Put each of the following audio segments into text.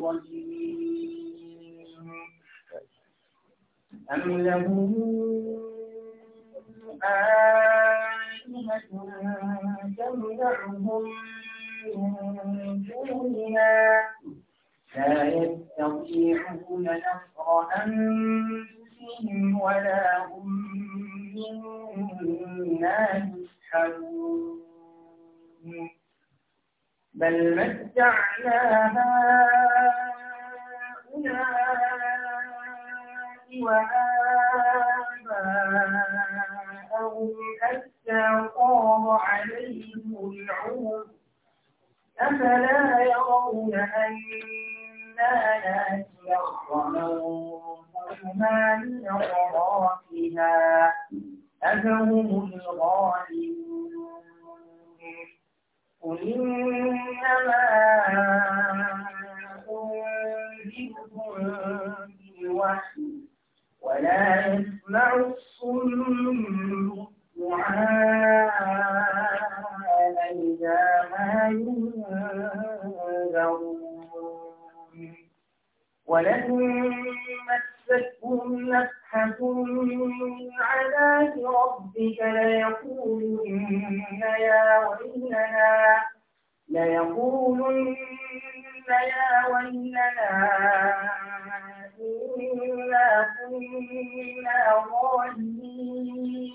الرجيم أم لهم آلهة تمنعهم من دوننا لا يستطيعون نصر أنفسهم ولا هم منا يسحبون بل متعنا هؤلاء وآباءهم حتى قام عليهم العمر أفلا يرون أنا نأتي وَمَا من أطرافها أفهم الغالبون قل إنما أنذركم بالوحي ولا يسمع الصم الدعاء إذا ما ينذرون ولئن مستكم نفحة من عذاب ربك ليقولن يا ويلنا ليقولن يا ويلنا إنا كنا ظالمين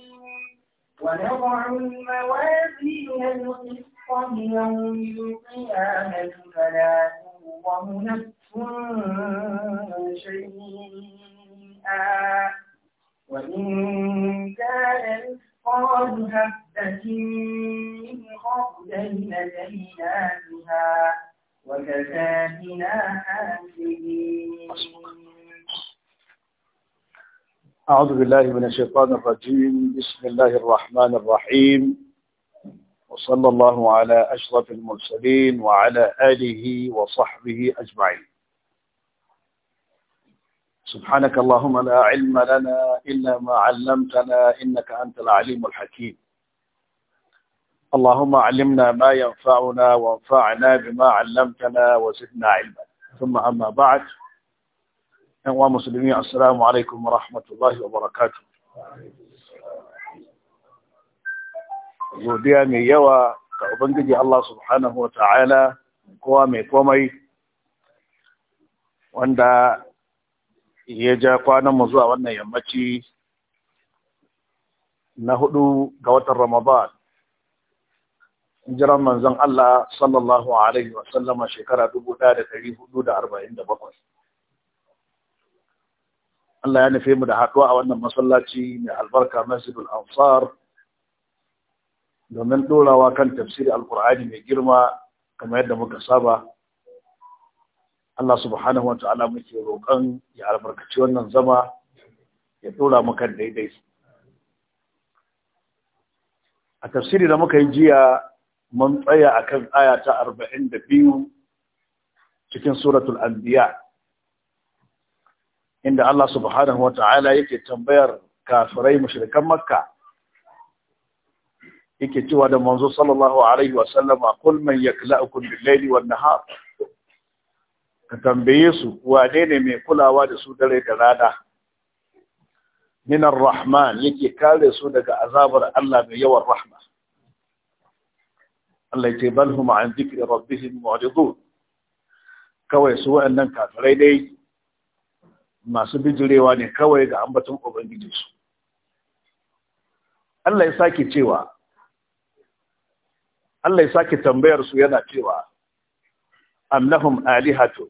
ونضع الموازين القسط يوم القيامة فلا تظلم نفس شيئا آه، وإن كان مثقال حبة من خردل لدينا بها وكفى بنا أعوذ بالله من الشيطان الرجيم بسم الله الرحمن الرحيم وصلى الله على أشرف المرسلين وعلى آله وصحبه أجمعين سبحانك اللهم لا علم لنا إلا ما علمتنا إنك أنت العليم الحكيم اللهم علمنا ما ينفعنا وانفعنا بما علمتنا وزدنا علما ثم أما بعد ومسلمين السلام عليكم ورحمة الله وبركاته godiya mai يوى كأبنجي الله سبحانه وتعالى wa ta'ala kowa mai ya ja kwananmu zuwa wannan yammaci na hudu ga watan Ramadan. Jiran manzon Allah sallallahu Alaihi wasallama shekara bakwai. Allah ya nufi mu da haɗuwa a wannan masallaci mai albarka Masjidul Ansar domin ɗorawa kan tafsiri Alƙur'ani mai girma kamar yadda muka saba. Allah subhanahu wa ta'ala muke roƙon ya albarkaci wannan zama ya dora muka daidai a tafsiri da muka yi jiya mun tsaya akan aya ta 42 cikin suratul anbiya inda Allah subhanahu wa ta'ala yake tambayar kafirai mushrikan makka yake cewa da manzo sallallahu alaihi wa sallama kul man yakla'ukum bil-laili wan-nahar ka tambaye su wane ne mai kulawa da su dare da rana minar rahman yake kare su daga azabar Allah mai yawan rahma Allah ya ce bal huma an zikri rabbihim mu'ridun kawai su waɗannan kafirai dai masu bijirewa ne kawai ga ambaton su Allah ya sake cewa Allah ya sake tambayar su yana cewa am lahum alihatun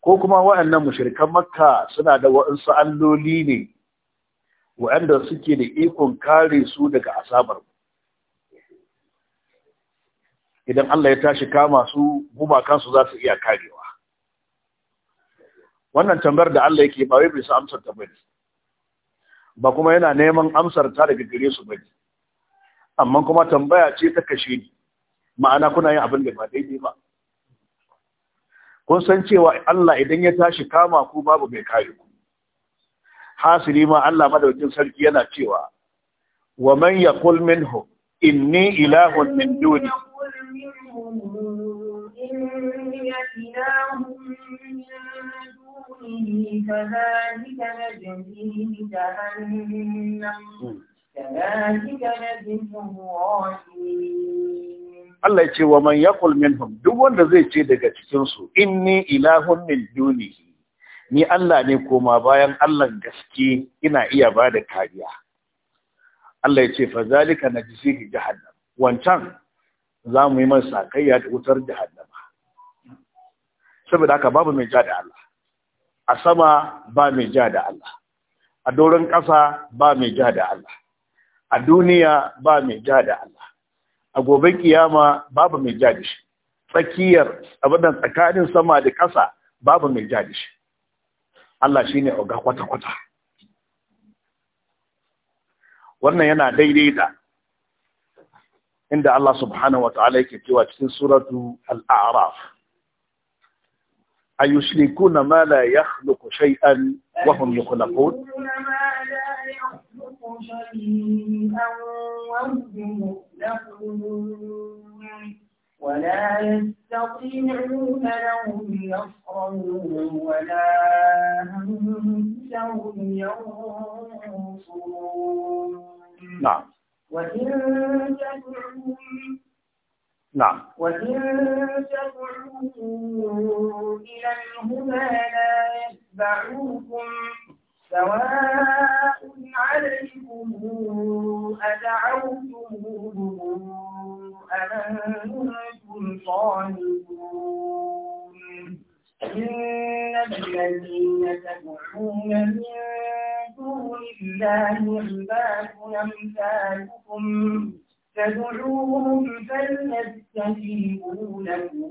ko kuma wa'annan mushrikan makka suna da wa'ansu alloli ne wa'anda suke da ikon kare su daga asabar idan Allah ya tashi kama su gumakansu za su iya karewa wannan tambayar da Allah yake ba wai bisa amsar ta bane ba kuma yana neman amsar ta daga gare su bane amma kuma tambaya ce ta kashe ni ma'ana kuna yin abin da ba daidai ba kun san cewa Allah idan ya tashi kama ku babu mai kare ku hasiri ma Allah madaukin sarki yana cewa wa man yaqul minhu inni ilahun min duni كذلك نجزيه جهنم كذلك Allah ya ce wa man yaqul minhum duk wanda zai ce daga cikin su inni ilahun min dunihi ni Allah ne koma bayan Allah gaske ina iya ba da kariya Allah ya ce fa zalika najzihi jahannam wancan za mu yi masa sakayya da wutar jahannama saboda haka babu mai ja da Allah a sama ba mai ja da Allah a doron ƙasa ba mai ja da Allah a duniya ba mai ja da Allah a gobe kiyama babu mai jaji shi tsakiyar abadan tsakanin sama da kasa babu mai jaji shi Allah shine oga kwata-kwata wannan yana daidai da inda Allah subhanahu wataala yake cewa cikin suratu al-a'raf ayushrikuna ma la yakhluqu shay'an wa hum yukhlaqun شيئا وهم مخلقون ولا يستطيعون لهم نصرا ولا أنفسهم ينصرون نعم وإن تدعوهم نعم وإن تدعوهم إلى الهدى لا يتبعوكم سواء عليكم أدعوتموهم أم أنتم صالحون إن الذين تدعون من دون الله عباد أمثالكم تدعوهم فليستجيبوا لكم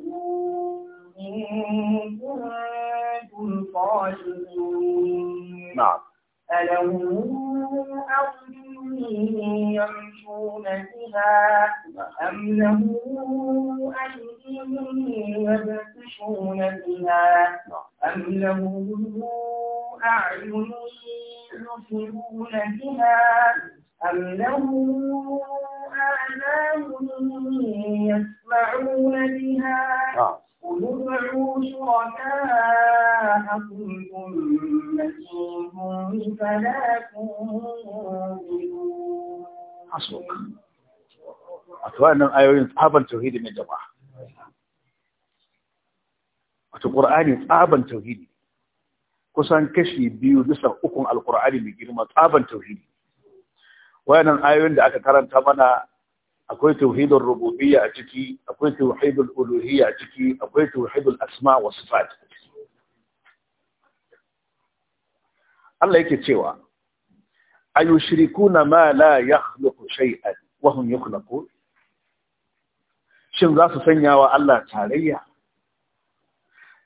إن كنتم صادقين نعم ألهم أرجل يمشون بها أم لهم أيدي يبطشون بها أم لهم أعين يبصرون بها أم لهم آذان يسمعون بها نعم. قل ادعوا من جماعة tsaban tauhidi kusan kashi biyu bisa ukun alƙur'ani mai girma tsaban tauhidi wayannan ayoyin da aka karanta mana akwai tauhidul rububiyya a ciki akwai tauhidul uluhiyya a ciki akwai tauhidul asma wa sifat Allah yake cewa ayushrikuna ma la yakhluqu shay'an wa hum yukhlaqun shin za su sanya wa Allah tarayya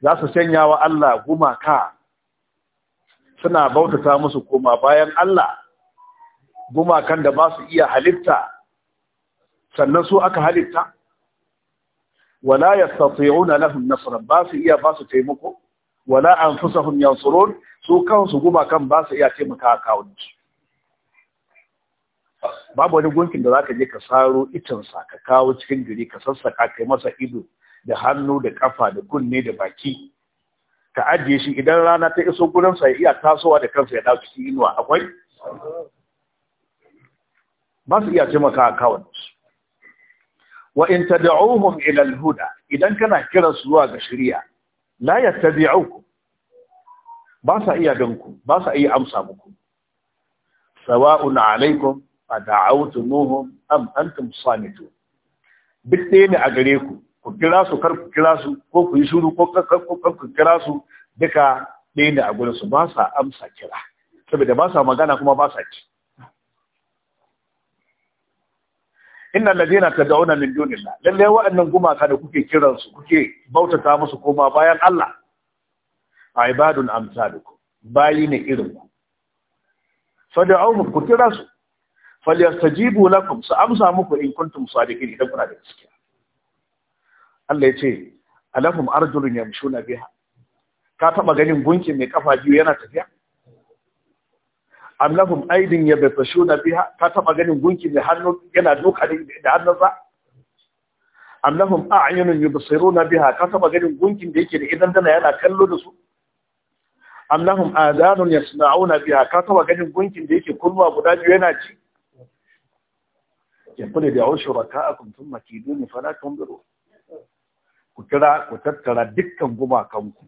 za su sanya wa Allah gumaka suna bautata musu koma bayan Allah gumakan da ba su iya halitta sannan su aka halitta wala yastati'una lahum nasra ba su iya ba su taimako wala anfusuhum yansurun su kansu guma kan ba su iya taimaka su. babu wani gunkin da zaka je ka saro sa ka kawo cikin gari ka sassaka kai masa ido da hannu da kafa da kunne da baki ka ajiye shi idan rana ta iso sa ya iya tasowa da kansa ya dawo cikin inuwa akwai ba su iya taimaka kawo wa in tad'uuhum ila al-huda idan kana kira su zuwa ga shari'a la yattabi'ukum ba sa iya ganku ba sa iya amsa muku sawa'un alaikum ad'awtumuhum am antum samitun duk ne a gare ku ku kira su kar ku kira su ko ku yi shiru ko kar ku kira su duka ɗaya ne a gurin su ba sa amsa kira saboda ba sa magana kuma ba sa ci innal ladina tad'una min dunillah lalle wa'annan gumaka da kuke kiran su kuke bautata musu koma bayan Allah aibadun amsalukum bayi ne irin ku fad'uhum ku kira su falyastajibu lakum su amsa muku in kuntum sadiqin idan kuna da gaskiya Allah ya ce alahum arjulun yamshuna biha ka taba ganin gunkin mai kafa biyu yana tafiya am lahum aydin yabtashuna biha ka taba ganin gunki mai hannu yana doka da hannunsa am lahum a'yunun yubsiruna biha ka taba ganin gunkin da yake da idan dana yana kallo da su am lahum adanun yasma'una biha ka taba ganin gunkin da yake kulwa guda biyu yana ci ya kuna da yawon shuraka'akum thumma kiduni fala tunbiru ku kira ku tattara dukkan gumakanku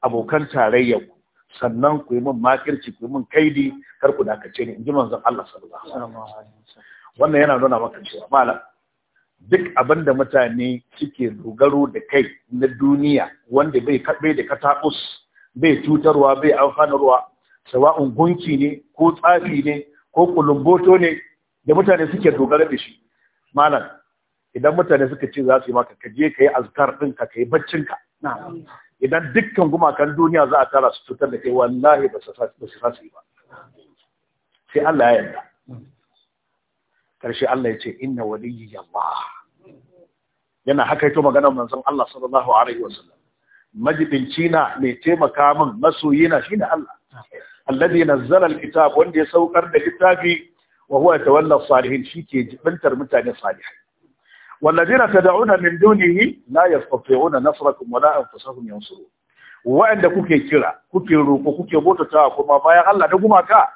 abokan tarayyarku sannan ku yi min makirci ku yi min kaidi kar ku dakace ni in ji manzon Allah sallallahu alaihi wannan yana nuna maka cewa malam duk abin da mutane suke dogaro da kai na duniya wanda bai kabe da katabus bai cutarwa bai amfanarwa sawa'un gunki ne ko tsafi ne ko kulumboto ne da mutane suke dogara da shi malam idan mutane suka ce za su yi maka ka je ka yi azkar ɗinka ka yi baccinka idan dukkan gumakan duniya za a tara su cutar da kai wallahi ba su fasu ba sai Allah ya yadda. karshe Allah ya ce inna waliyyi Allah yana haka hakaito maganar manzon Allah sallallahu alaihi wasallam majibinci na mai taimaka min masoyi na shine Allah alladhi nazzala alkitab wanda ya saukar da littafi wa huwa tawalla salihin ke jibintar mutane salihai والذين تدعون من دونه لا يستطيعون نصركم ولا أنفسهم ينصرون wa'anda kuke kira kuke roƙo kuke bautatawa kuma bayan Allah da gumaka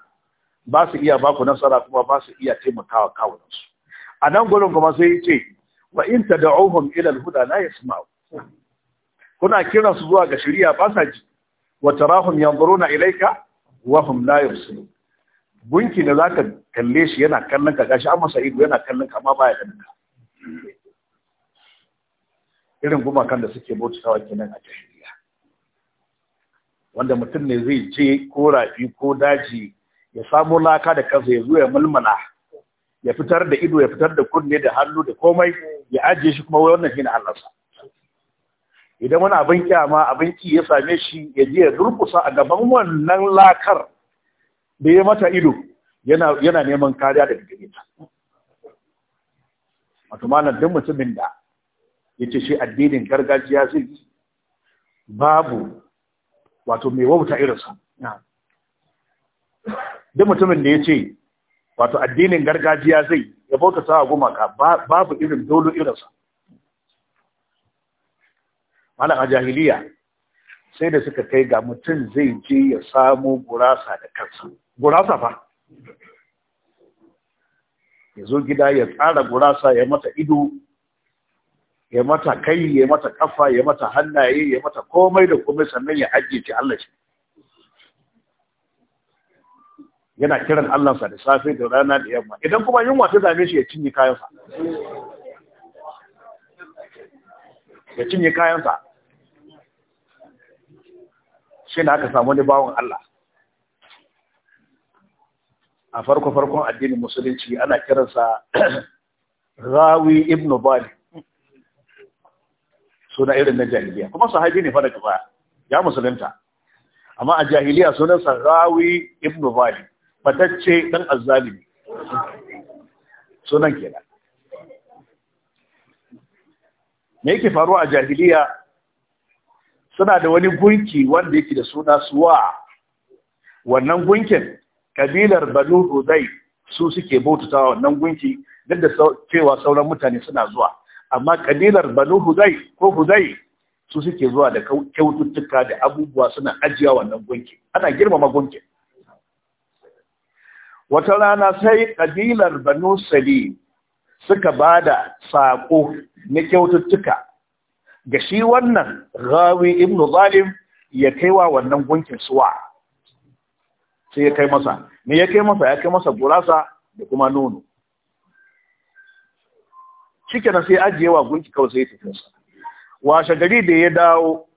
ba su iya ba ku nasara kuma ba su iya taimakawa kawunansu a nan gurin kuma sai ya ce wa in tad'uhum ila al-huda la yasma'u kuna kiran su zuwa ga shari'a ba sa ji wa tarahum yanzuruna ilayka wa hum la yubsirun gunki da zaka kalle shi yana kallon ka gashi amma sa'idu yana kallon ka amma baya kallon ka irin gumakan da suke bautawa kenan a jahiliya wanda mutum ne zai je ko rafi ko daji ya samo laka da kansa ya zo ya mulmula ya fitar da ido ya fitar da kunne da hannu da komai ya ajiye shi kuma wannan shine sa. idan wani abin kyama abin ki ya same shi ya je ya durkusa a gaban wannan lakar da ya mata ido yana neman kariya daga gare ta wato malam duk mutumin da yace shi addinin gargajiya zai babu wato mai wauta irinsa duk mutumin da ya ce wato addinin gargajiya zai ya bauta sa gumaka babu irin dolo irinsa malam a jahiliya sai da suka kai ga mutum zai je ya samo gurasa da kansa gurasa fa ya zo gida ya tsara gurasa ya mata ido ya mata kai ya mata kafa ya mata hannaye ya mata komai da komai sannan ya ajiye ta Allah shi yana kiran Allah sa da safe da rana da yamma idan kuma yunwa ta dame shi ya cinye kayansa ya cinye kayansa shi na aka samu wani bawon Allah a farko-farkon addinin musulunci ana kiransa rawi ibn bali suna irin na jahiliya kuma sahabi ne fara daga baya ya musulunta amma a jahiliya sunan sa ibnu bali fatacce dan azzalimi sunan kenan me yake faruwa a jahiliya suna da wani gunki wanda yake da suna suwa wannan gunkin kabilar banu hudai su suke bautata wannan gunki duk da cewa sauran mutane suna zuwa amma kabilar banu Huzai ko Huzai su suke zuwa da kyaututtuka da abubuwa suna ajiya wannan gunki ana girmama gunki wata rana sai kabilar banu sali suka ba da saƙo na kyaututtuka ga shi wannan gawi ibn zalim ya kai wa wannan gunkin suwa sai ya kai masa me ya kai masa ya kai masa gurasa da kuma nono shikenan sai ajiye wa gunki kawai sai tafi sa washe gari da ya dawo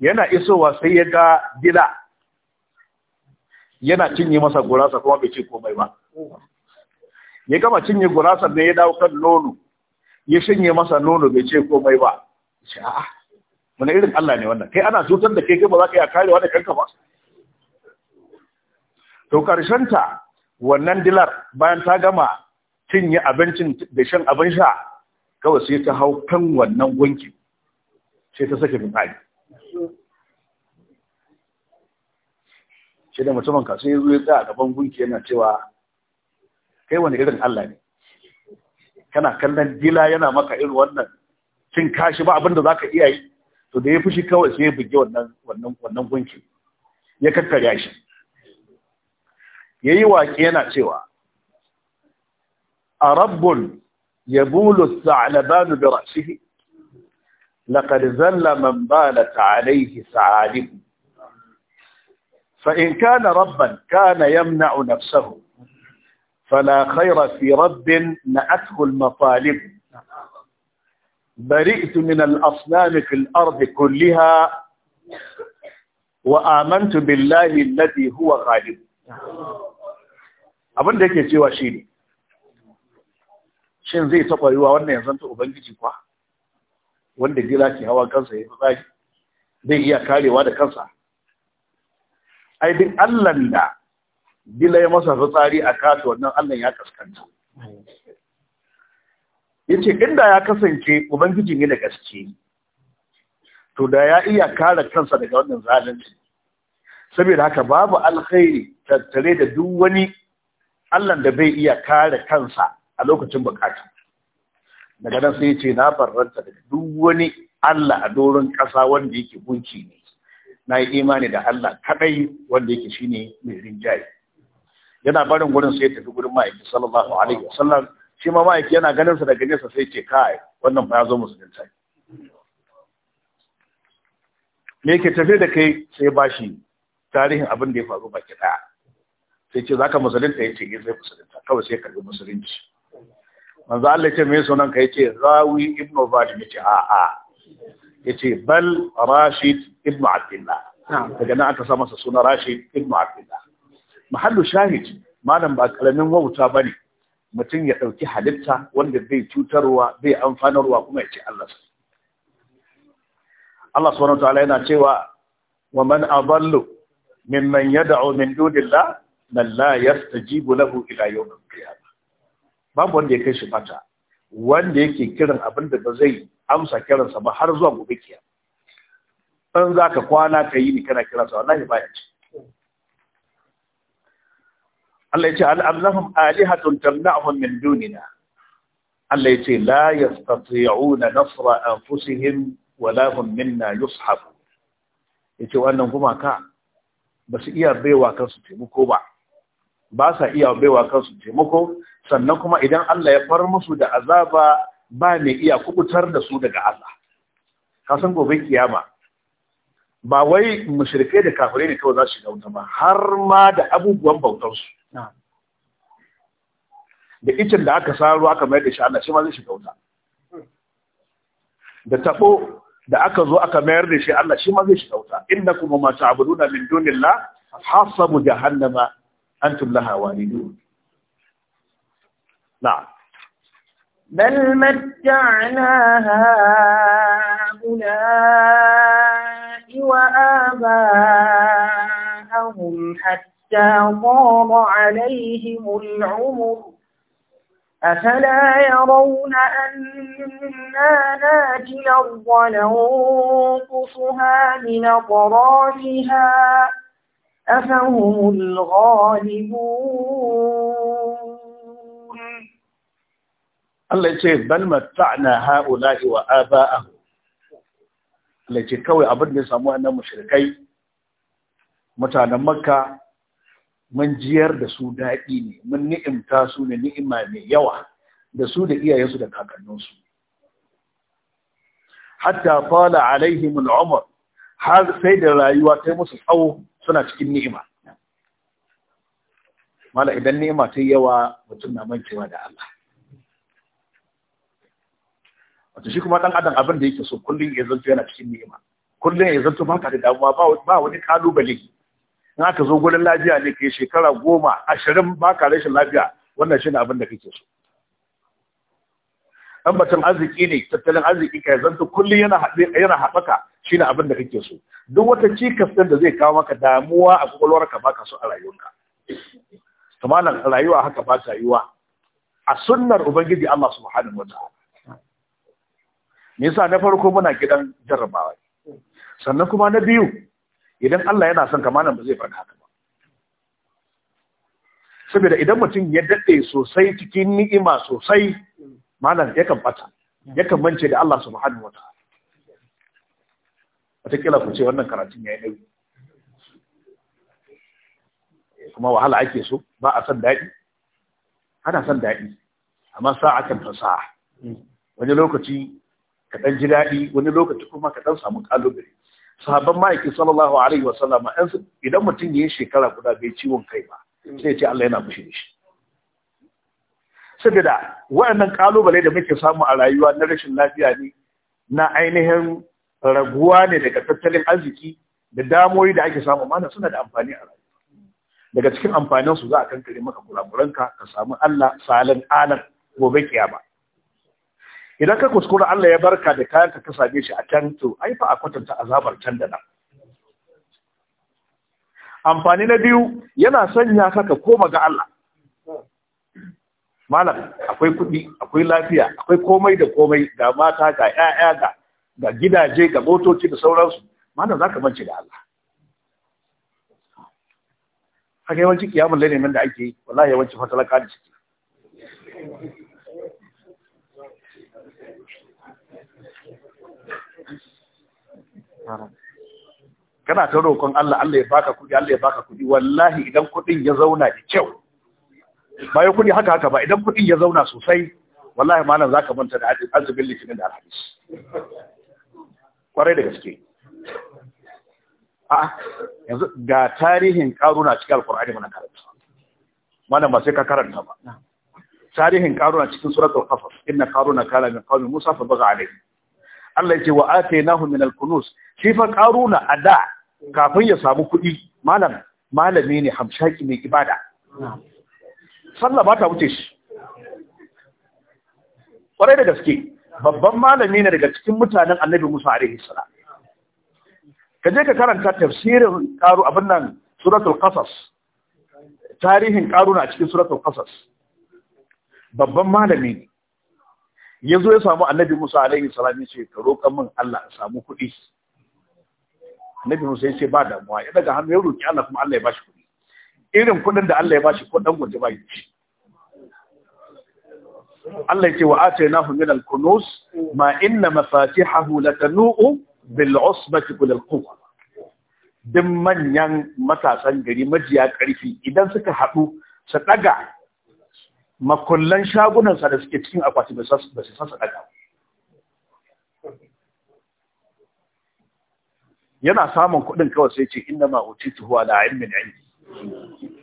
yana isowa sai ya ga gida yana cinye masa gurasa kuma bai ce komai ba ya gama cinye gurasa ne ya dawo kan nono ya shanye masa nono bai ce komai ba a'a wani irin Allah ne wannan kai ana cutar da kai kai ba za ka yi a karewa da kanka ba to ta wannan dilar bayan ta gama cinye abincin da shan abin sha kawai sai ta hau kan wannan gunki sai ta sake fitsari shi da mutumin kasu ya zo ya a gaban gunki yana cewa kai wani irin Allah ne kana kallon dila yana maka irin wannan cin kashi ba abinda za ka iya yi to da ya fushi kawai sai ya buge wannan gunki ya kakkarya shi ya yi waƙe yana cewa a rabbul يبول الثعلبان برأسه لقد ذل من بالت عليه ثعالب فإن كان ربا كان يمنع نفسه فلا خير في رب نأته المطالب برئت من الأصنام في الأرض كلها وآمنت بالله الذي هو غالب abin da yake shin zai taɓa yiwa wannan ya zanta ubangiji kwa wanda gila ke hawa kansa ya tsari zai iya karewa da kansa ai duk allan da gila ya masa fitsari a kasu wannan allan ya kaskanta ya ce inda ya kasance Ubangijin ne da gaske to da ya iya kare kansa daga wannan zalunci saboda haka babu alkhairi tattare da duk wani allan da bai iya kare kansa a lokacin bukata daga nan sai ce na faranta da duk wani Allah a doron ƙasa wanda yake gunki ne na yi imani da Allah kaɗai wanda yake ne mai rinjaye yana barin gurin sai ya tafi gurin ma'aiki sallallahu alaihi wasallam shi ma ma'aiki yana ganin sa daga nesa sai ce kai wannan fa ya zo musulunta me yake tafe da kai sai ba shi tarihin abin da ya faru baki daya sai ce zaka musulunta yace ya eh, zai musulunta kawai sai karbi musulunci manzo Allah ce me sunan ka yace rawi ibn ubad yace a a yace bal rashid ibn abdullah daga nan aka sa masa sunan rashid ibn abdullah mahallu shahid malam ba kalamin wauta bane mutum ya dauki halitta wanda zai cutarwa zai amfanarwa kuma yace ce Allah Allah subhanahu wa ta'ala yana cewa wa man adallu mimman yad'u min dunillah man la yastajibu lahu ila yawm al-qiyamah babu wanda ya kai shi bata wanda yake kiran abin da ba zai amsa kiransa ba har zuwa gobe kiya in za ka kwana ka yi ni kana kiransa wallahi baya ci Allah ya ce al'amnahum alihatun tamna'hum min dunina Allah ya ce la yastati'una nasra anfusihim wala hum minna yushabu yace wannan gumaka ba su iya baiwa kansu taimako ba ba sa iya baiwa kansu taimako sannan kuma idan Allah ya far musu da azaba ba mai iya kubutar da su daga Allah san gobe kiyama ba wai mushrike da kafirai ne kawai za su shiga wuta ba har ma da abubuwan bautar su da icin da aka saro aka mayar da shi Allah shi ma zai shiga wuta da tabo da aka zo aka mayar da shi Allah shi ma zai shiga wuta innakum ma ta'buduna min dunillah hasabu jahannama أنتم لها والدون نعم بل متعنا هؤلاء وآباءهم حتى طال عليهم العمر أفلا يرون أنا ناجي الأرض ننقصها من أطرافها أفهم الغالبون الله يقول بل متعنا هؤلاء وآباءهم Allah ce kawai abin da ya samu annan mushrikai mutanen makka mun jiyar da su daɗi ne mun ni'imta su ne ni'ima mai yawa da su da iyayensu da kakanninsu hatta fala alaihim al'umr har sai da rayuwa ta musu tsawo suna cikin ni'ima mala idan ni'ima ta yawa mutum na mancewa da Allah wato shi kuma dan adam abin da yake so kullum ya zanto yana cikin ni'ima kullum ya zanto ka da damuwa ba wani kalubale in aka zo gurin lafiya ne kai shekara goma ashirin ba baka rashin lafiya wannan shi ne abin da kake so an batun arziki ne tattalin arziki ka zanto kullum yana haɓaka Shi shine abin da kake so duk wata cikas ɗin da zai kawo maka damuwa a kwakwalwarka baka so a rayuwarka a rayuwa haka ba ta yiwa a sunnar ubangiji Allah su wa wata me na farko muna gidan jarrabawa sannan kuma na biyu idan Allah yana son kamanan ba zai faɗa haka ba saboda idan mutum ya dade sosai cikin ni'ima sosai malam yakan bata yakan mance da Allah su wa wata watakila ku ce wannan karatun ya yi nauyi kuma wahala ake so ba a san daɗi ana san daɗi amma kan fasaha wani lokaci ka ɗan ji daɗi wani lokaci kuma ka ɗan samu ƙalubale sahabban ma'aiki sallallahu alaihi wa sallama idan mutum ya yi shekara guda bai ciwon kai ba sai ce Allah yana fushi da shi saboda waɗannan ƙalubale da muke samu a rayuwa na rashin lafiya ne na ainihin raguwa ne daga tattalin arziki da damoyi da ake samu mana suna da amfani a rayuwa daga cikin amfanin su za a kankare maka kurakuranka ka samu Allah salin alan gobe kiyama idan ka kuskura Allah ya barka da kayan ka same shi a can to ai fa a kwatanta azabar can da nan amfani na biyu yana sanya ka ka koma ga Allah malam akwai kuɗi akwai lafiya akwai komai da komai ga mata ga ƴaƴa ga ga gidaje ga motoci da sauransu malam za ka manci da Allah haka yawanci kiyamun lalimin da ake yi wala yawanci fatalaka da ciki kana ta roƙon Allah Allah ya baka kuɗi Allah ya baka kuɗi wallahi idan kuɗin ya zauna da kyau bayan kuɗi haka haka ba idan kuɗin ya zauna sosai wallahi malam zaka manta da azubin litinin da alhadis kwarai da gaske a yanzu ga tarihin karuna cikin alkur'ani mana karanta wannan ba sai ka karanta ba tarihin karuna cikin suratul qasas inna karuna kana min qaumi musa fa baga alayhi Allah ya ce wa atainahu min alkunus, kunuz shi fa karuna ada kafin ya samu kuɗi malam malami ne hamshaki mai ibada sallah ba ta wuce shi kwarai da gaske babban malami ne daga cikin mutanen annabi Musa alaihi salam ka je ka karanta tafsirin karu abin nan suratul qasas tarihin karuna na cikin suratul qasas babban malami ne yanzu ya samu annabi Musa alaihi salam ya ce ka roƙa min Allah ya samu kuɗi annabi Musa ya ce ba damuwa ya daga hannu ya roƙi Allah kuma Allah ya bashi kuɗi irin kuɗin da Allah ya bashi ko dan gobe ba shi Allah ce wa atainahu min al kunus, ma inna mafatihahu latanu'u bil usbati kul al-quwwa duk manyan matasan gari majiya karfi idan suka haɗu su ɗaga makullan shagunan sa da suke cikin akwati ba su sasa ɗaga yana samun kuɗin kawai sai ce inna ma utitu huwa la ilmin indi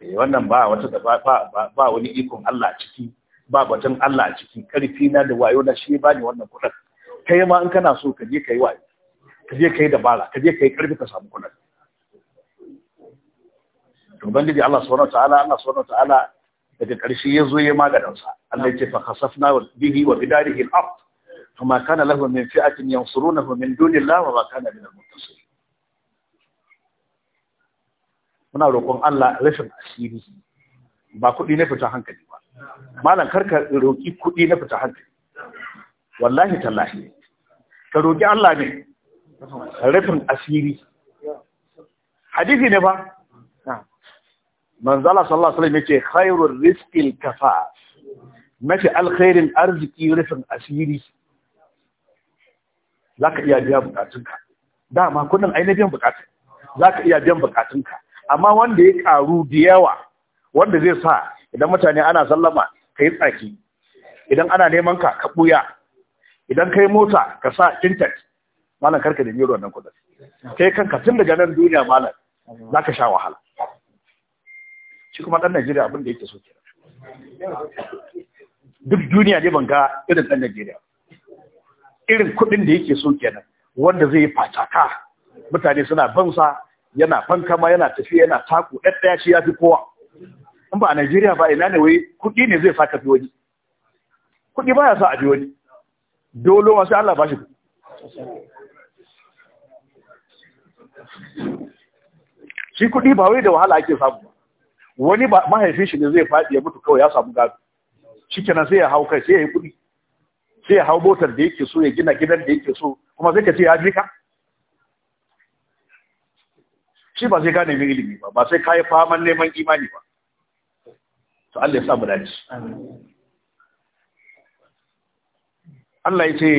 Eh, wannan ba wata da ba wani ikon Allah a ciki ba batun Allah a ciki karfi na da wayo na shi ba bani wannan kuɗin kai ma in kana so ka je ka yi wayo ka je ka yi dabara ka je ka yi karfi ka samu kuɗin to ubangiji Allah subhanahu ta'ala Allah subhanahu ta'ala daga karshe ya zo ya maganin sa Allah ya ce fa khasafna bihi wa bidarihi al-ard فما كان له من فئة ينصرونه من دون الله kana كان من المنتصرين muna roƙon Allah rashin asiri ba kuɗi na fita hankali ba malam karka roƙi kuɗi na fita hankali wallahi tallahi ka roƙi Allah ne rashin asiri hadisi ne ba manzala sallallahu alaihi wasallam yace khairur rizqil kafa. mafi alkhairin arziki rufin asiri zaka iya biya bukatunka dama kunnan ainihin biyan bukatun zaka iya biyan bukatunka amma wanda ya karu da yawa wanda zai sa idan mutane ana sallama ka yi tsaki idan ana neman ka ka buya idan ka yi mota ka sa tintat malam karka da miyar wannan kudin kai kanka tun daga nan duniya malam za ka sha wahala shi kuma ɗan najeriya abin da yake so ke duk duniya ne ban ga irin ɗan najeriya irin kuɗin da yake so kenan wanda zai yi fataka mutane suna bansa yana fankama yana tafiya yana taku ɗaya shi ya fi kowa in ba a Najeriya ba ina ne wai kuɗi ne zai saka fi wani kuɗi ba ya sa a fi wani dolo wasu Allah ba shi shi kuɗi ba wai da wahala ake samu ba wani mahaifin shi ne zai faɗi ya mutu kawai ya samu gado shi kenan sai ya hau kai sai ya yi kuɗi sai ya hau motar da yake so ya gina gidan da yake so kuma sai ka ce ya jika shi ba sai ka nemi ilimi ba ba sai ka yi faman neman imani ba to Allah ya sa mu dace Allah ya ce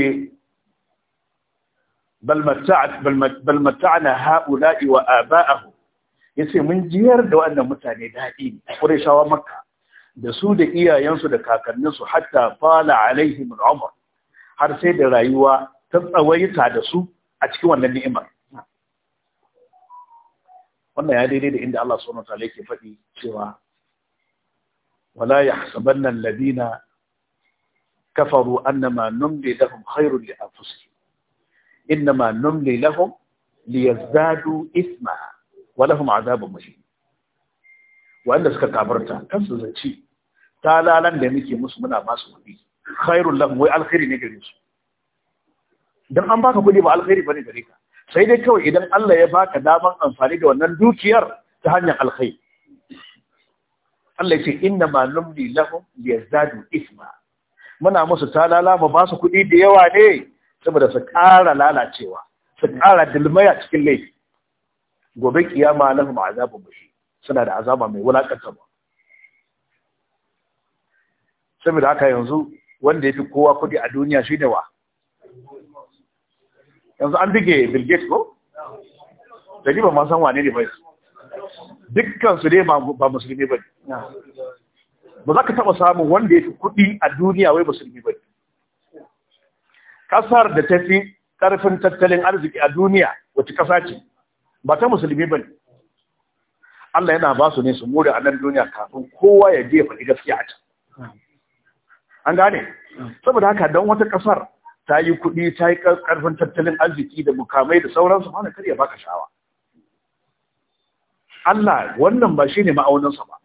bal bal matta'na ha'ula'i wa aba'ahu yace mun jiyar da wannan mutane dadi Qurayshawa Makka da su da iyayensu da kakanninsu hatta fala alaihim al'umr har sai da rayuwa ta tsawaita da su a cikin wannan ni'imar wannan ya daidai da inda Allah subhanahu wataala yake faɗi cewa wala yahsabanna alladhina kafaru annama numli lahum khairun li anfusihim innama numli lahum liyazdadu isma wa lahum azabun muhin wanda suka kafarta kansu zaci talalan da muke musu muna ba su kuɗi khairun lahum wai alkhairi ne gare su dan an baka kuɗi ba alkhairi bane gare ka sai dai kawai idan Allah ya baka daman amfani da wannan dukiyar ta hanyar alkhairi Allah ya ce inna ma numli lahum liyazdadu isma muna musu talala mu ba su kuɗi da yawa ne saboda su ƙara lalacewa su ƙara dilmaya cikin laifi gobe kiyama lahum azabu bashi suna da azaba mai wulakanta ba saboda haka yanzu wanda ya fi kowa kuɗi a duniya shine wa yanzu an bige bill gates ko da ni ba ma san wane ne ba dukkan su ne ba musulmi ba ba za ka taba samun wanda ya fi kuɗi a duniya wai musulmi ba kasar da ta fi karfin tattalin arziki a duniya wata kasa ce ba ta musulmi ba Allah yana ba su ne su mura a nan duniya kafin kowa ya je faɗi gaskiya a can an gane saboda haka don wata ƙasar ta yi kuɗi ta yi ƙarfin tattalin arziki da mukamai da sauransu mana kar ya baka shawa Allah wannan ba shi shine ma'auninsa ba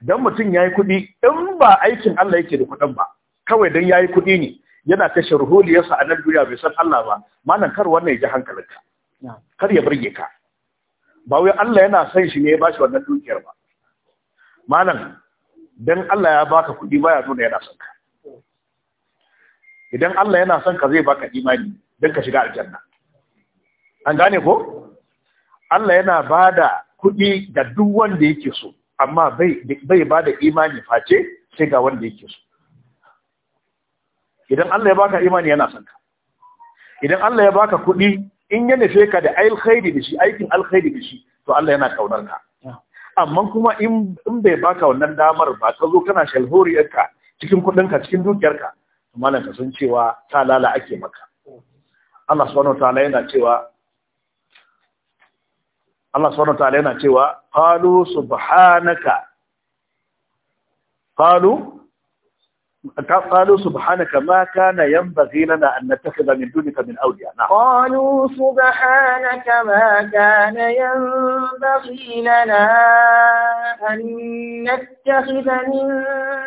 dan mutum yayi kuɗi in ba aikin Allah yake da kuɗin ba kawai dan yayi kuɗi ne yana ta ruhuliyarsa a nan duniya bai san Allah ba malam kar wannan ya ji hankalinka kar ya burge ka ba wai Allah yana son shi ne ya bashi wannan dukiyar ba malam dan Allah ya baka kuɗi baya nuna yana son ka idan Allah yana son ka zai baka imani don ka shiga aljanna an gane ko Allah yana bada kuɗi ga duk wanda yake so amma bai bada imani face sai ga wanda yake so idan Allah ya baka imani yana son ka idan Allah ya baka kuɗi in ya nufe ka da alkhairi da shi aikin alkhairi da shi to Allah yana kaunar ka amma kuma in bai baka wannan damar ba ka zo kana shalhoriyarka cikin kuɗinka cikin dukiyarka malam ka sun cewa ta lala ake maka Allah subhanahu wa ta'ala yana cewa Allah subhanahu wa ta'ala yana cewa qalu subhanaka qalu قالوا سبحانك ما كان ينبغي لنا أن نتخذ من دونك من أولياء نعم. قالوا سبحانك ما كان ينبغي لنا أن نتخذ من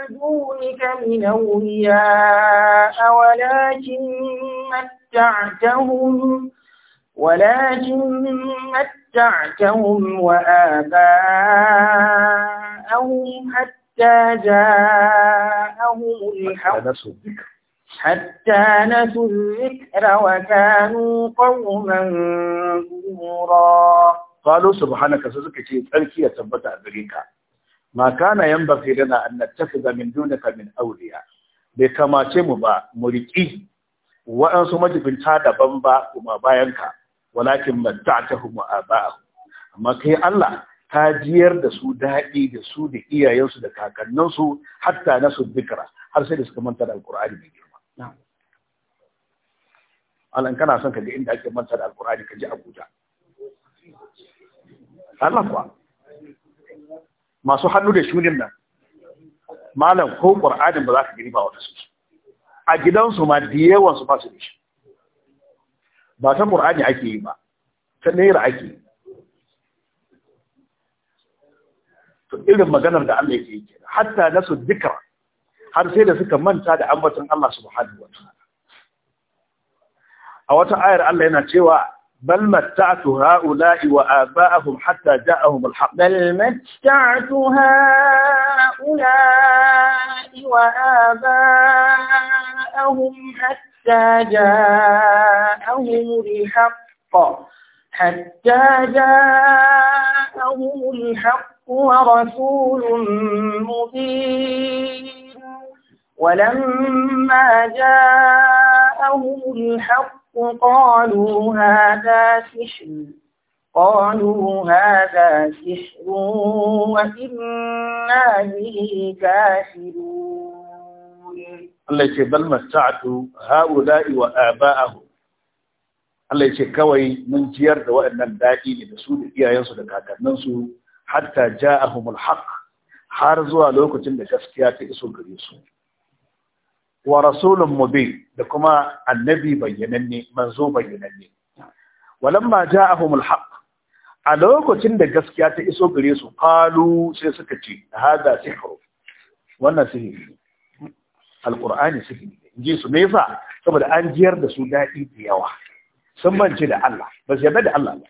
دونك من أولياء ولكن متعتهم ولكن متعتهم وآباءهم حتى جاءهم الحق حتى نسوا الذكر وكانوا قوما بورا قالوا سبحانك سزكتي تركي يتبت أبريكا ما كان ينبغي لنا أن نتخذ من دونك من أولياء بكما تمبا مريكي وأنسو مجبنتا دبنبا وما باينك ولكن متعتهم وآباءهم amma kai Allah ta jiyar da su daɗi da su da iyayensu da kakanninsu hatta na su bikira. har sai da suka manta da alkur'ani mai girma Allah kana son ka ga inda ake manta da alkur'ani ka ji Abuja Allah kuwa masu hannu da shunin nan malam ko qur'anin ba za ka gani ba wata su a gidansu ma da yawan su ba su da shi ba ta qur'ani ake yi ba ta naira ake yi irin maganar da Allah yake yi hatta nasu dhikra har sai da suka manta da ambaton Allah subhanahu wataala a wata ayar Allah yana cewa بل متعت هؤلاء وآباءهم حتى جاءهم الحق بل متعت هؤلاء وآباءهم حتى جاءهم الحق حتى جاءهم الحق ورسول مبين ولما جاءهم الحق قالوا هذا سحر قالوا هذا سحر وإنا به كافرون الله يشهد بل متعت هؤلاء وآباءهم الله يشهد كوي من جيرد وإن الباقي لنسود إياه ينصد كاكا ننصد hatta ja'ahumul haqq har zuwa lokacin da gaskiya ta iso gare su wa rasulun mubin da kuma annabi bayyananne manzo bayyananne walamma ja'ahumul haqq a lokacin da gaskiya ta iso gare su qalu sai suka ce hada sihru wannan sihiri alqur'ani sihiri inji su me saboda an jiyar da su dadi da yawa sun bance da Allah ba su yarda da Allah ba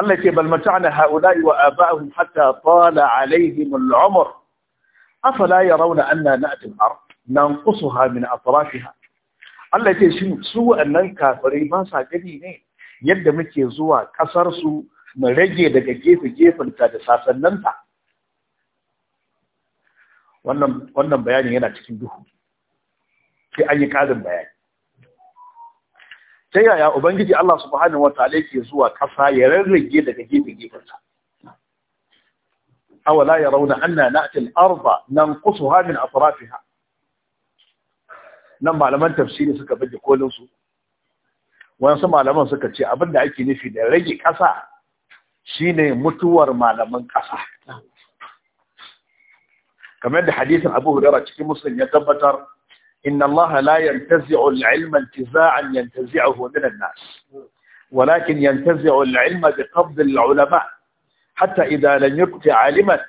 Allah ke bal mata'na ha'ula'i wa aba'ahum hatta tala alaihim al'umr afala yarawna anna na'ti al-ard nanqusuha min atrafiha Allah ke shi su wa'annan kafirai ba sa gani ne yadda muke zuwa kasar mu rage daga gefe gefen ta da sasannan ta wannan wannan bayanin yana cikin duhu sai an yi ƙarin bayani ta yaya ubangiji Allah subhanahu wataala yake zuwa kasa ya rarrage daga gefe gefensa awala yarawna anna na'ti al-ardha nanqusuha min atrafiha nan malaman tafsiri suka baje kolin su wasu malaman suka ce abinda ake nufi da rage kasa shine mutuwar malaman kasa kamar da hadisin Abu Hurairah cikin Muslim ya tabbatar إن الله لا ينتزع العلم انتزاعا ينتزعه من الناس ولكن ينتزع العلم بقبض العلماء حتى إذا لم يكت عالما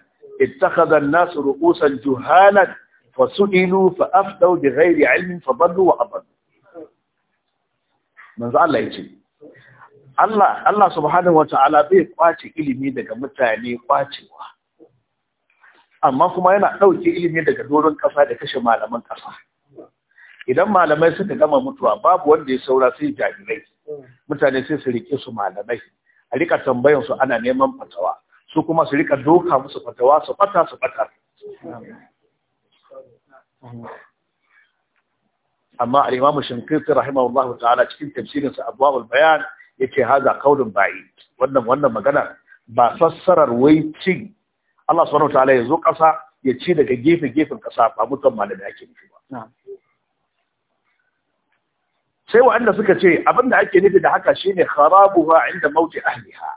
اتخذ الناس رؤوسا جهالا فسئلوا فأفتوا بغير علم فضلوا وأضلوا manzo Allah ya ce Allah Allah subhanahu wataala bai kwace ilimi daga mutane kwacewa amma kuma yana ɗauke ilimi daga doron ƙasa da kashe malaman ƙasa idan malamai suka gama mutuwa babu wanda ya saura sai jami'ai mutane sai su rike su malamai a rika tambayan su ana neman fatawa su kuma su rika doka musu fatawa su fata su fata amma al-imamu shinkirti rahimahullah ta'ala cikin tafsirinsa abwaul bayan yace haza qaulun ba'i wannan wannan magana ba fassarar wai cin Allah subhanahu wa ta'ala ya zo kasa ya ci daga gefe gefen kasa ba mutum malami ake nufi ba sai wa'anda suka ce abinda ake nufi da haka shine kharabuha inda mauti ahliha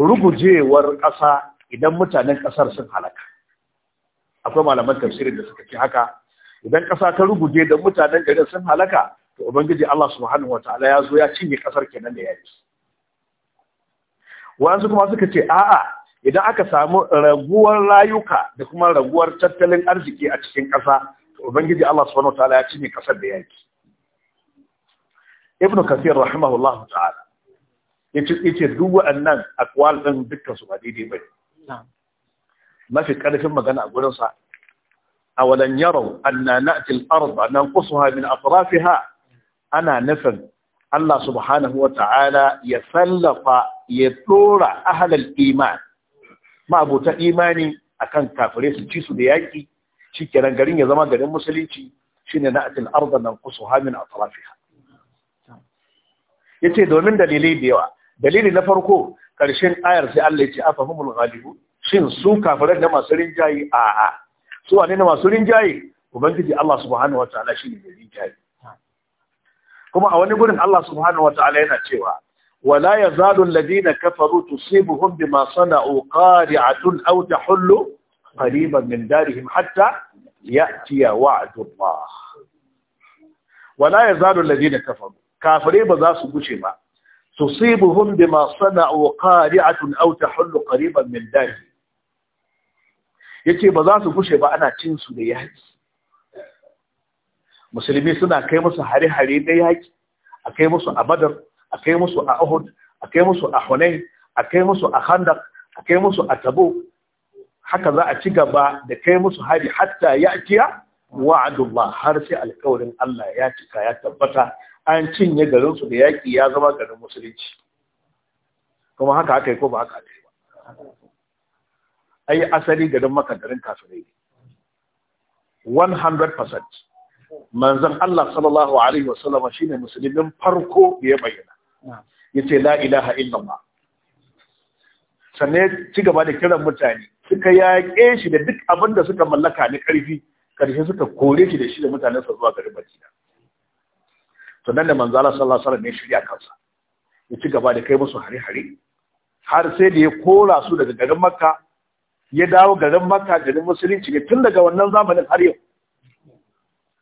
rugujewar ƙasa idan mutanen ƙasar sun halaka akwai malaman tafsirin da suka ce haka idan ƙasa ta ruguje da mutanen garin sun halaka to ubangiji Allah subhanahu wataala ya zo ya cinye ƙasar kenan da yaki wa'ansu kuma suka ce a'a idan aka samu raguwar rayuka da kuma raguwar tattalin arziki a cikin ƙasa to ubangiji Allah subhanahu wataala ya cinye ƙasar da yaki ibn kasir rahimahullah ta'ala yace yace duk wa'annan aqwal din dukkan su ba daidai mafi karfin magana a gurin sa awalan yaraw anna na'ti al-ard nanqusuha min atrafiha ana nafin Allah subhanahu wa ta'ala ya sallafa ya dora ahlal iman ma'abuta imani akan kafirai su ci su da yaki shikenan garin ya zama garin musulunci shine natil al-ard nanqusuha min atrafiha yace domin dalilai da yawa dalili na farko karshen ayar sai Allah ya ce afahumul ghalibu shin su kafiran da masu rinjaye a a su wane na masu rinjaye ubangiji Allah subhanahu wataala shi ne rinjaye kuma a wani gurin Allah subhanahu ta'ala yana cewa wala yazalu alladhina kafaru tusibuhum bima sana'u qari'atun aw tahullu qariban min darihim hatta ya'tiya wa'du wala yazalu alladhina kafaru kafare ba za su guce ba tusibuhum bima sana'u qari'atun aw tahullu qariban min dari yace ba za su guce ba ana cin su da yaki musulmi suna kai musu hare-hare na yaki a kai musu a badar a kai musu a uhud a kai musu a hunain a kai musu a khandaq a kai musu a tabuk haka za a ci gaba da kai musu hari hatta ya'tiya wa'adullah har sai alƙawarin Allah ya cika ya tabbata an cinye garinsu da yaƙi ya zama garin musulunci kuma haka aka yi ko ba haka aka yi ai asali garin maka garin kafirai ne 100% manzan Allah sallallahu alaihi wasallam shine musulmin farko da ya bayyana yace la ilaha illallah sannan ci gaba da kiran mutane suka yaƙe shi da duk abin da suka mallaka ni ƙarfi ƙarshe suka kore shi da shi da su zuwa garin Madina to nan da manzo Allah sallallahu alaihi wasallam ya shirya kansa ya ci gaba da kai musu hare-hare har sai da ya kora su daga garin Makka ya dawo garin Makka garin musulunci ne tun daga wannan zamanin har yau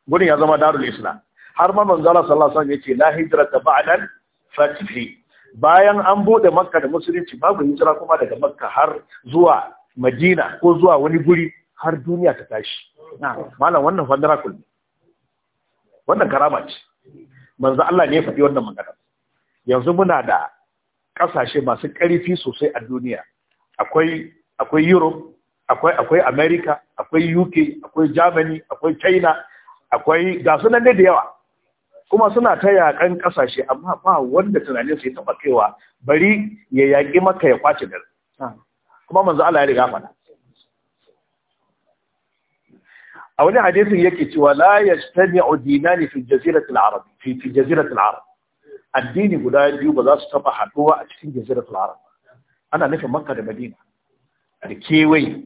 gurin ya zama darul islam har ma manzo Allah sallallahu alaihi wasallam ya ce la ta ba'dan fatihi bayan an bude Makka da musulunci babu hijira kuma daga Makka har zuwa Madina ko zuwa wani guri har duniya ta tashi na malam wannan kullu wannan karama ce manzo Allah ne ya faɗi wannan magana yanzu muna da ƙasashe masu ƙarfi sosai a duniya akwai akwai Europe akwai akwai America akwai UK akwai Germany akwai China akwai ga ne da yawa kuma suna ta yaƙan ƙasashe amma ba wanda tunanin sai taba kaiwa bari ya yaƙi maka ya kwace garin kuma manzo Allah ya riga faɗa a wani hadisin yake cewa la yajtami'u dinani fi jaziratil arabi fi jaziratul arab addini guda biyu ba za su taba haduwa a cikin jaziratul arab ana nufin makka da madina da kewaye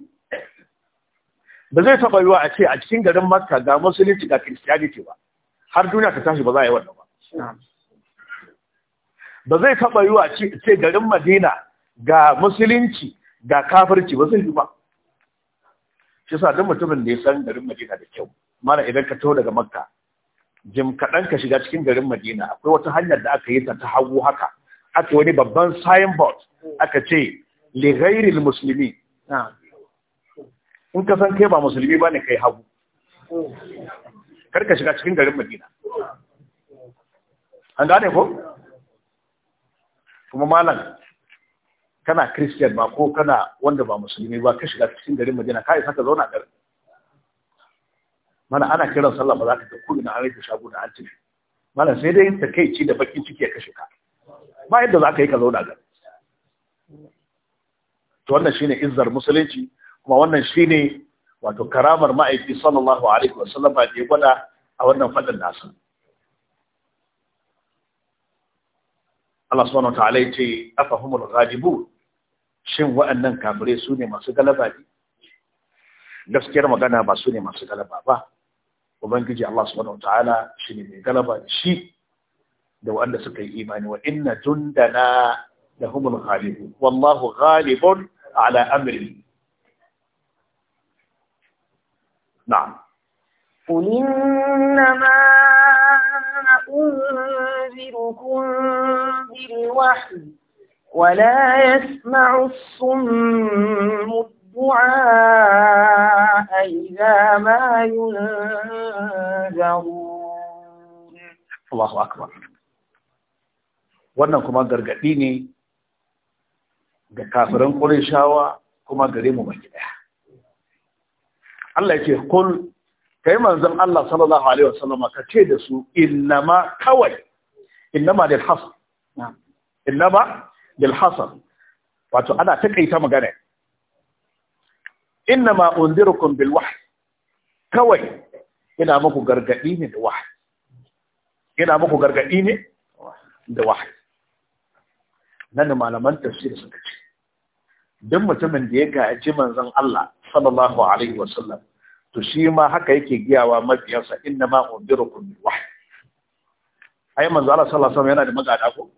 ba zai taba yiwa a ce a cikin garin makka ga musulunci ga christianity ba har duniya ta tashi ba za a yi wannan ba ba zai taba yiwa a ce garin madina ga musulunci ga kafirci ba zai yi ba shi sa duk mutumin da ya san garin madina da kyau mana idan ka taho daga makka jim kaɗan ka shiga cikin garin madina akwai wata hanyar da aka yi ta ta hagu haka aka wani babban signboard aka ce lighairil musulmi in ka san kai ba musulmi ba ne kai hagu hmm. karka shiga cikin garin madina an gane ko kuma malam kana christian ba ko kana wanda ba musulmi ba ka shiga cikin garin madina ka isa ka zauna garin mana ana kiran sallah ba za ka ga ko ina an rage shago da an mana sai dai ta kai ci da bakin ciki ya kashe ka ba yadda za ka yi ka zauna ga to wannan shine izzar musulunci kuma wannan shine wato karamar ma'aiki sallallahu alaihi wasallam da ya gwada a wannan fadin nasu Allah subhanahu wataala ya ce afahumul ghadibu shin wa'annan kafirai su ne masu galaba ne gaskiyar magana ba su ne masu galaba ba وبنجي الله سبحانه وتعالى شنو من قلبه شيء لو أن سك إيمان وإن جندنا لهم الغالب والله غالب على أمره نعم قل إنما أنذركم بالوحي ولا يسمع الصم الدعاء إذا ما ينذرون الله أكبر wannan kuma gargaɗi ne ga kafiran ƙurishawa kuma gare mu baki ɗaya Allah ya ce kul kai manzon Allah sallallahu alaihi wasallam ka ce da su innama kawai innama lil hasr innama lil hasr wato ana takaita magana inna ma unzirukum bil wahyi kawai ina muku gargadi ne da wahyi ina muku gargadi ne da wahyi nan malaman tafsir suka ce duk mutumin da ya gaji manzon Allah sallallahu alaihi wasallam to shi ma haka yake giyawa mabiyansa inna ma unzirukum bil wahyi ai manzo Allah sallallahu alaihi wasallam yana da magada ko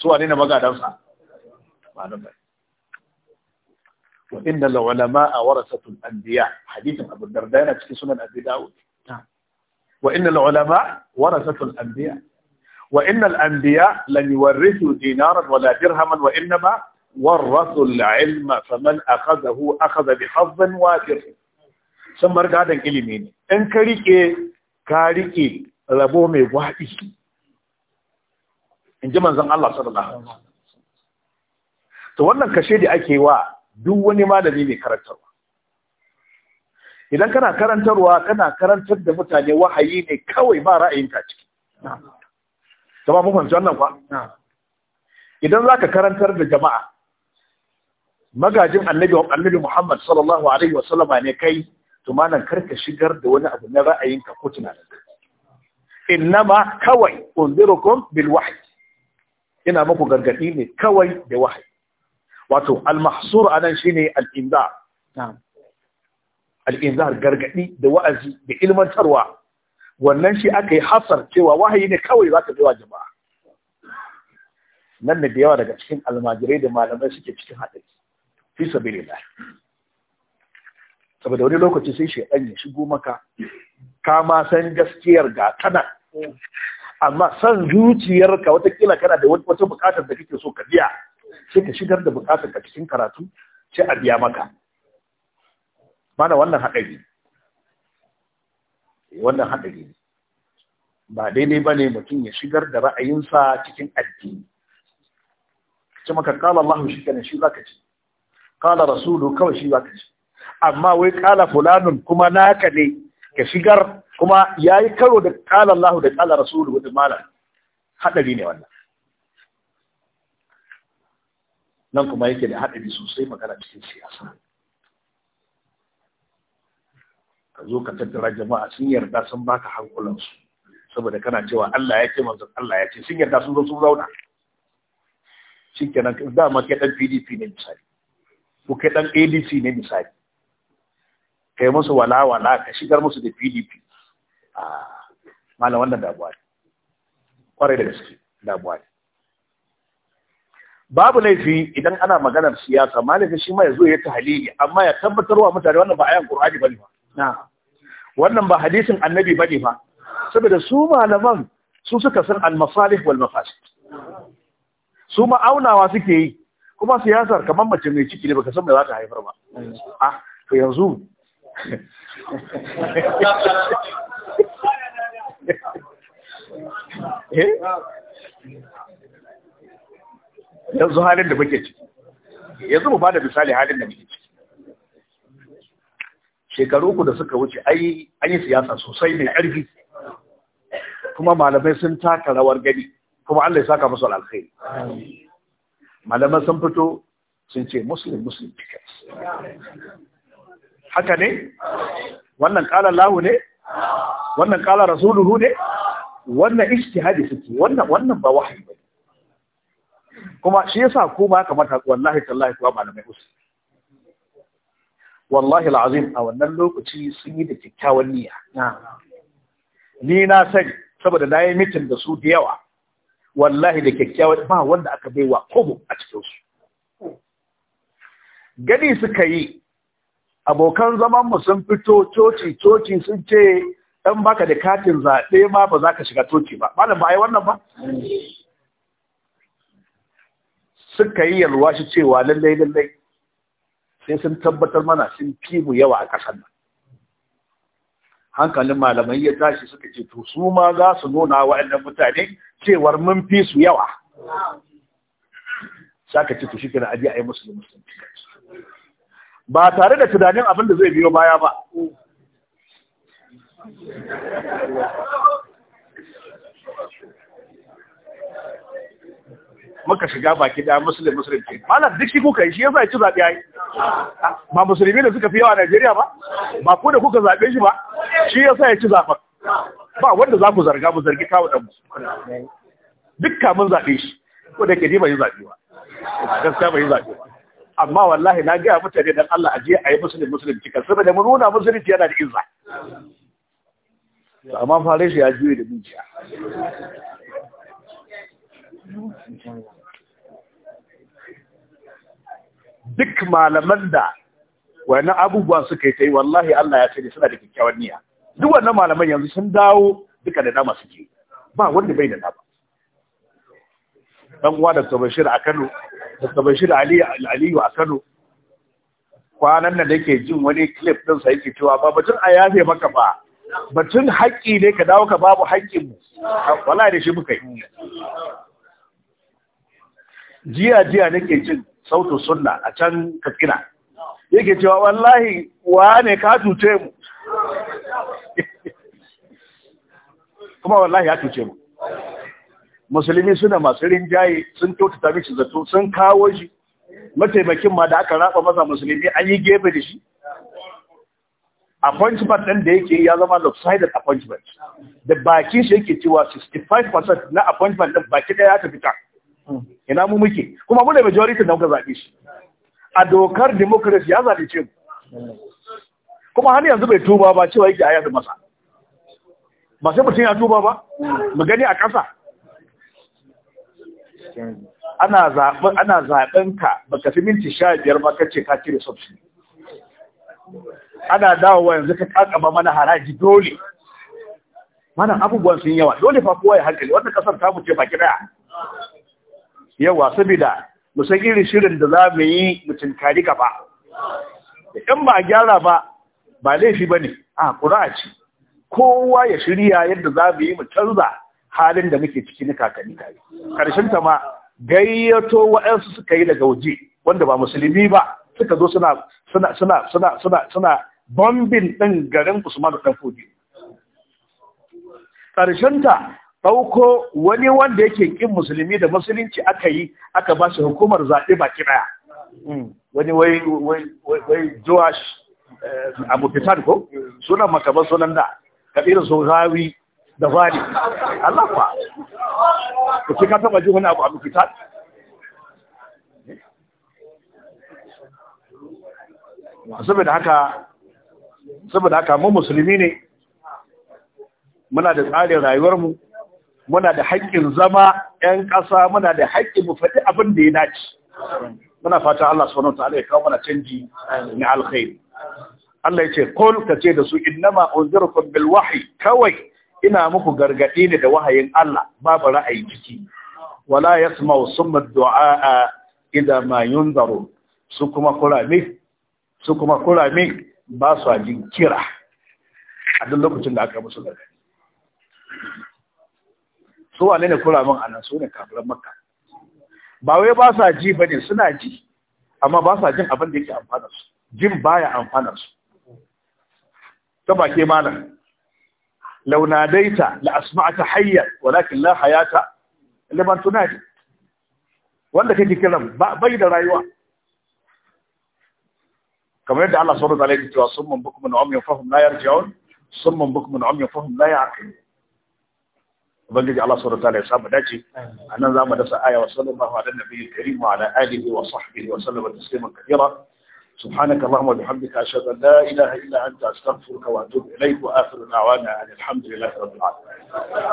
su wane ne magadansa malamai wa inna a warasatul anbiya hadisin abu darda yana ciki sunan abi dawud wa inna la ulama warasatul anbiya wa anbiya lan yuwarrithu dinaran wala dirhaman wa innama warrathu al ilma faman akhadahu akhadha bi sun bar gadon ilimi ne in ka rike ka rike rabo mai gwaɗi in ji Allah to wannan kashe ake wa duk wani malami mai karantarwa idan kana karantarwa kana karantar da mutane wahayi ne kawai ba ra'ayinka ciki zama mun fahimci wannan kwa idan za ka karantar da jama'a magajin annabi muhammad sallallahu alaihi wasallama ne kai tumanan karka shigar da wani abu na ra'ayinka ko tunaninka innama kawai unzirukum bil wahyi ina muku gargadi ne kawai da wahayi wato almasuru anan shine al-inzar al-inzar gargadi da wa'azi da ilmantarwa wannan shi aka yi hasar cewa wahayi ne kawai zaka ka wa jama'a nan ne da yawa daga cikin almajirai da malamai suke cikin haɗari fi sabilillah saboda wani lokaci sai shaidan ya shigo maka ka ma san gaskiyar ga kana mm. amma san zuciyarka wata ƙila kana da wata bukatar da kake so ka biya sai ka shigar da bukatar ka cikin karatu sai a biya maka mana wannan haɗari eh, wannan haɗari ne ba daidai ba ne mutum ya shigar da ra'ayinsa cikin addini ci maka kala Allah shi kana shi zaka ci kala rasulu kawai shi zaka ci amma wai kala fulanun kuma naka ne ka shigar kuma yayi karo da kala Allah da kala rasulu da malam hadari ne wannan nan kuma yake da haɗari sosai magana cikin siyasa ka zo ka tattara jama'a sun yarda sun baka hankulansu saboda kana cewa Allah ya ce manzon Allah ya ce sun yarda sun zo sun zauna shikenan da ma ke dan PDP ne misali ko ke dan ADC ne misali kai musu wala-wala ka shigar musu da PDP a ah, malam wannan damuwa ne kwarai da gaske damuwa ne babu laifi idan ana maganar siyasa malaka shi ma ya zo ya ta halili amma ya tabbatar wa mutane wannan ba ayan qur'ani bane ba wannan ba hadisin annabi bane ba saboda su malaman su suka san al-masalih wal mafasid su ma aunawa suke yi kuma siyasar kamar mace mai ciki ne baka san me za ta haifar ba ah to yanzu eh yanzu halin da muke ciki yanzu mu bada misali halin da muke ciki shekaru uku da suka wuce ai an yi siyasa sosai mai ƙarfi kuma malamai sun taka rawar gani kuma Allah ya saka musu alkhairi malaman sun fito sun ce muslim muslim tickets haka ne wannan kala lahu ne wannan kala rasuluhu ne wannan ishtihadi suke wannan wannan ba wahayi ba kuma shi yasa ko ba kamata wallahi tallahi kuwa malamai usul wallahi al'azim a wannan lokaci sun yi da kyakkyawan niyya ni na sani saboda na yi mitin da su da yawa wallahi da kyakkyawan ba wanda aka baiwa kobo a cikinsu gani suka yi abokan zaman mu sun fito coci coci sun ce ɗan baka da katin zaɓe ma ba za ka shiga coci ba malam ba a yi wannan ba suka yi yalwa shi cewa lallai lallai sai sun tabbatar mana sun fi mu yawa a ƙasar nan hankalin malamai ya tashi suka ce to su ma za su nuna waɗannan mutane cewar mun fi su yawa saka ce to shikenan aje ayi musu musu. ba tare da tunanin abin da zai biyo baya ba muka shiga baki da musulun muslim Mallam malam duk shi kuka yi shi yasa ya ci zaɓe ai ba musulmi da suka fi yawa a Najeriya ba ba ko da kuka zaɓe shi ba shi yasa ya ci zaɓen ba wanda za ku zarga mu zargi kawo ɗan mu mun zaɓe shi ko da ke ni yi zaɓe ba gaskiya ban yi zaɓe ba amma wallahi na gaya mutane dan Allah a je a yi musulun musulun cikin saboda mun nuna musulunci yana da izza amma fare shi ya juye da dukiya duk malaman da wani abubuwa suka yi ta yi wallahi Allah ya ne suna da kyakkyawan niyya duk wannan malaman yanzu sun dawo duka da dama suke ba wanda bai da dama dan uwa da Bashir a Kano da Bashir Ali Aliyu a Kano kwanan nan da ke jin wani clip din sa yake cewa ba batun a yafe maka ba batun haƙƙi ne ka dawo ka babu haƙƙin mu wallahi da shi muka yi jiya jiya nake jin sautin sunna a can kaskina yake cewa wallahi wa ne ka cuce mu kuma wallahi ya cuce mu musulmi suna masu rinjaye sun kyautata mishi zato sun kawo shi mataimakin ma da aka raba masa musulmi an yi gefe da shi appointment ɗin da yake ya zama lopsided appointment da baki shi yake cewa 65% na appointment ɗin baki ɗaya ya tafi ina mu muke kuma mu ne majority da muka zaɓe shi a dokar democracy ya zabe ce kuma har yanzu bai tuba ba cewa yake ayatu masa ba sai mutum ya tuba ba mu gani a ƙasa ana zaɓen ana zaɓen ka baka fi minti sha biyar ba kace ka kire subsidy ana dawowa yanzu ka kakaba mana haraji dole mana abubuwan sun yawa dole fa kowa ya hankali wannan kasar ta mutu ba kira yawa saboda mu san irin shirin da za mu yi ka tinkari gaba in ba a gyara ba ba laifi ba ne a ƙura ce kowa ya shirya yadda za mu yi mu canza halin da muke ciki na kakanni tare ƙarshen ta ma gayyato waɗansu suka yi daga waje wanda ba musulmi ba suka zo suna suna suna suna suna suna bombin ɗin garin usman da ɗan ƙarshen ta ɗauko wani wanda yake ƙin musulmi da musulunci aka yi aka ba shi hukumar zaɓe baki ɗaya hmm. wani wai joash eh, abu fitan ko sunan makaban sunan da kabirin sun rawi da bari Allah ba ku ci ka taɓa ji wani abu abu fitan saboda haka saboda haka mu musulmi ne muna da tsarin rayuwarmu muna da haƙƙin zama 'yan ƙasa muna da haƙƙin mu faɗi abin da ya naci muna fata Allah subhanahu wa ta'ala ya kawo mana canji na alkhairi Allah ya ce qul ka ce da su innama unzirukum bil wahyi kawai ina muku gargadi ne da wahayin Allah babu ra'ayi ciki wala yasma'u summa du'a idan ma yunzaru su kuma kurame su kuma kurame ba su ajin kira a duk lokacin da aka musu gargadi su wane ne min anan su ne kafiran makka ba wai ba sa ji ba ne suna ji amma ba sa jin abin da yake amfanar su jin baya amfanar su ta bake mana launa daita la asma'ata hayya walakin la hayata liman tunadi wanda kake kiran bai da rayuwa kamar yadda Allah subhanahu wa ta'ala ya ce wa summun min umyun fahum la yarji'un summun min umyun fahum la ya'qilun ubangiji Allah subhanahu wataala ya samu dace anan zamu dasa aya wa sallallahu ala nabiyil karim wa ala alihi wa sahbihi wa sallama tasliman kathira سبحانك اللهم وبحمدك أشهد أن لا إله إلا أنت أستغفرك وأتوب إليك وآخر دعوانا أن الحمد لله رب العالمين